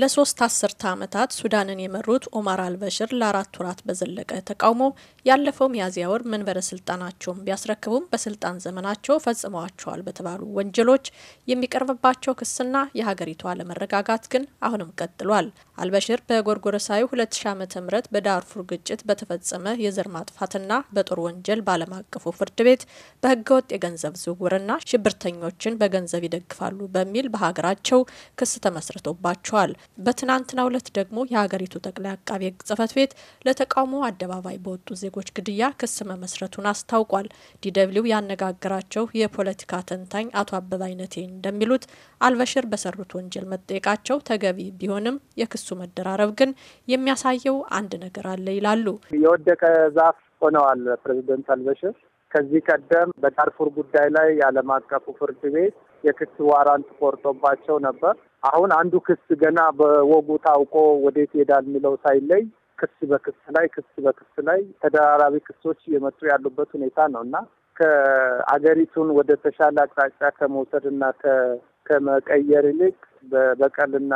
ለሶስት አስርተ ዓመታት ሱዳንን የመሩት ኦማር አልበሽር ለአራት ወራት በዘለቀ ተቃውሞ ያለፈው ሚያዝያ ወር መንበረ ስልጣናቸውን ቢያስረክቡም በስልጣን ዘመናቸው ፈጽመዋቸዋል በተባሉ ወንጀሎች የሚቀርብባቸው ክስና የሀገሪቱ አለመረጋጋት ግን አሁንም ቀጥሏል። አልበሽር በጎርጎረሳዊ 2000 ዓ.ም በዳርፉር ግጭት በተፈጸመ የዘር ማጥፋትና በጦር ወንጀል በዓለም አቀፉ ፍርድ ቤት በህገወጥ የገንዘብ ዝውውርና ሽብርተኞችን በገንዘብ ይደግፋሉ በሚል በሀገራቸው ክስ ተመስርቶባቸዋል። በትናንትናው ዕለት ደግሞ የሀገሪቱ ጠቅላይ አቃቤ ሕግ ጽህፈት ቤት ለተቃውሞ አደባባይ በወጡ ዜጎች ግድያ ክስ መመስረቱን አስታውቋል። ዲደብሊው ያነጋገራቸው የፖለቲካ ተንታኝ አቶ አበበ አይነቴ እንደሚሉት አልበሽር በሰሩት ወንጀል መጠየቃቸው ተገቢ ቢሆንም የክሱ መደራረብ ግን የሚያሳየው አንድ ነገር አለ ይላሉ። የወደቀ ዛፍ ሆነዋል ፕሬዚደንት አልበሽር ከዚህ ቀደም በዳርፉር ጉዳይ ላይ የዓለም አቀፉ ፍርድ ቤት የክስ ዋራንት ቆርጦባቸው ነበር። አሁን አንዱ ክስ ገና በወጉ ታውቆ ወዴት ይሄዳል የሚለው ሳይለይ ክስ በክስ ላይ ክስ በክስ ላይ ተደራራቢ ክሶች እየመጡ ያሉበት ሁኔታ ነው እና ከአገሪቱን ወደ ተሻለ አቅጣጫ ከመውሰድ እና ከመቀየር ይልቅ በበቀልና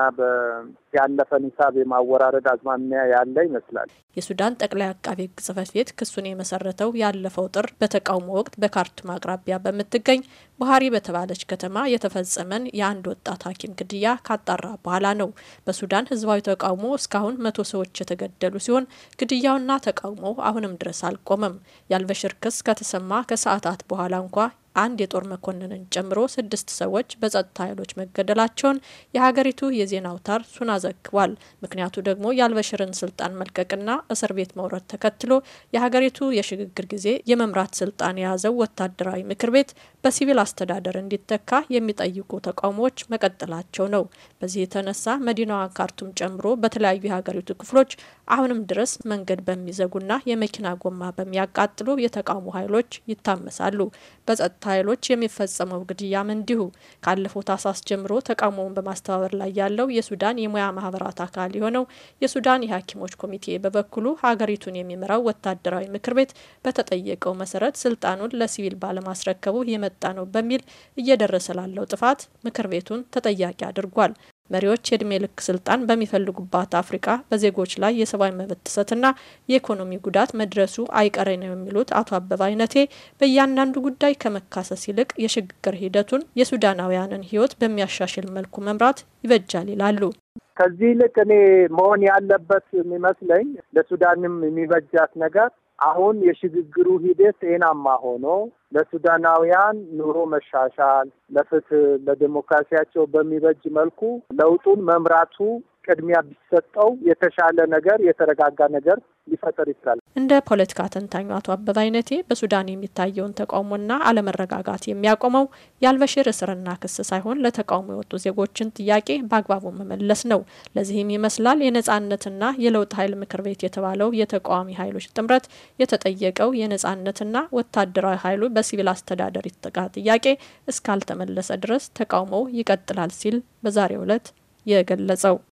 ያለፈን ሂሳብ የማወራረድ አዝማሚያ ያለ ይመስላል። የሱዳን ጠቅላይ አቃቤ ሕግ ጽህፈት ቤት ክሱን የመሰረተው ያለፈው ጥር በተቃውሞ ወቅት በካርቱም አቅራቢያ በምትገኝ ባህሪ በተባለች ከተማ የተፈጸመን የአንድ ወጣት ሐኪም ግድያ ካጣራ በኋላ ነው። በሱዳን ህዝባዊ ተቃውሞ እስካሁን መቶ ሰዎች የተገደሉ ሲሆን ግድያውና ተቃውሞ አሁንም ድረስ አልቆመም። ያልበሽር ክስ ከተሰማ ከሰዓታት በኋላ እንኳ አንድ የጦር መኮንንን ጨምሮ ስድስት ሰዎች በጸጥታ ኃይሎች መገደላቸውን የሀገሪቱ የዜና አውታር ሱና ዘግቧል። ምክንያቱ ደግሞ የአልበሽርን ስልጣን መልቀቅና እስር ቤት መውረድ ተከትሎ የሀገሪቱ የሽግግር ጊዜ የመምራት ስልጣን የያዘው ወታደራዊ ምክር ቤት በሲቪል አስተዳደር እንዲተካ የሚጠይቁ ተቃውሞዎች መቀጠላቸው ነው። በዚህ የተነሳ መዲናዋ ካርቱም ጨምሮ በተለያዩ የሀገሪቱ ክፍሎች አሁንም ድረስ መንገድ በሚዘጉና የመኪና ጎማ በሚያቃጥሉ የተቃውሞ ኃይሎች ይታመሳሉ። በጸጥታ ኃይሎች የሚፈጸመው ግድያም እንዲሁ። ካለፈው ታህሳስ ጀምሮ ተቃውሞውን በማስተባበር ላይ ያለው የሱዳን የሙያ ማህበራት አካል የሆነው የሱዳን የሐኪሞች ኮሚቴ በበኩሉ ሀገሪቱን የሚመራው ወታደራዊ ምክር ቤት በተጠየቀው መሰረት ስልጣኑን ለሲቪል ባለማስረከቡ የመጣ ነው በሚል እየደረሰ ላለው ጥፋት ምክር ቤቱን ተጠያቂ አድርጓል። መሪዎች የእድሜ ልክ ስልጣን በሚፈልጉባት አፍሪካ በዜጎች ላይ የሰብአዊ መብት ጥሰትና የኢኮኖሚ ጉዳት መድረሱ አይቀሬ ነው የሚሉት አቶ አበባ አይነቴ በእያንዳንዱ ጉዳይ ከመካሰስ ይልቅ የሽግግር ሂደቱን የሱዳናውያንን ሕይወት በሚያሻሽል መልኩ መምራት ይበጃል ይላሉ። ከዚህ ይልቅ እኔ መሆን ያለበት የሚመስለኝ ለሱዳንም የሚበጃት ነገር አሁን የሽግግሩ ሂደት ጤናማ ሆኖ ለሱዳናውያን ኑሮ መሻሻል፣ ለፍትህ፣ ለዴሞክራሲያቸው በሚበጅ መልኩ ለውጡን መምራቱ ቅድሚያ ቢሰጠው የተሻለ ነገር የተረጋጋ ነገር ሊፈጠር ይችላል። እንደ ፖለቲካ ተንታኙ አቶ አበባ አይነቴ በሱዳን የሚታየውን ተቃውሞና አለመረጋጋት የሚያቆመው የአልበሽር እስርና ክስ ሳይሆን ለተቃውሞ የወጡ ዜጎችን ጥያቄ በአግባቡ መመለስ ነው። ለዚህም ይመስላል የነጻነትና የለውጥ ኃይል ምክር ቤት የተባለው የተቃዋሚ ኃይሎች ጥምረት የተጠየቀው የነጻነትና ወታደራዊ ኃይሉ በሲቪል አስተዳደር ይጠቃ ጥያቄ እስካልተመለሰ ድረስ ተቃውሞው ይቀጥላል ሲል በዛሬው ዕለት የገለጸው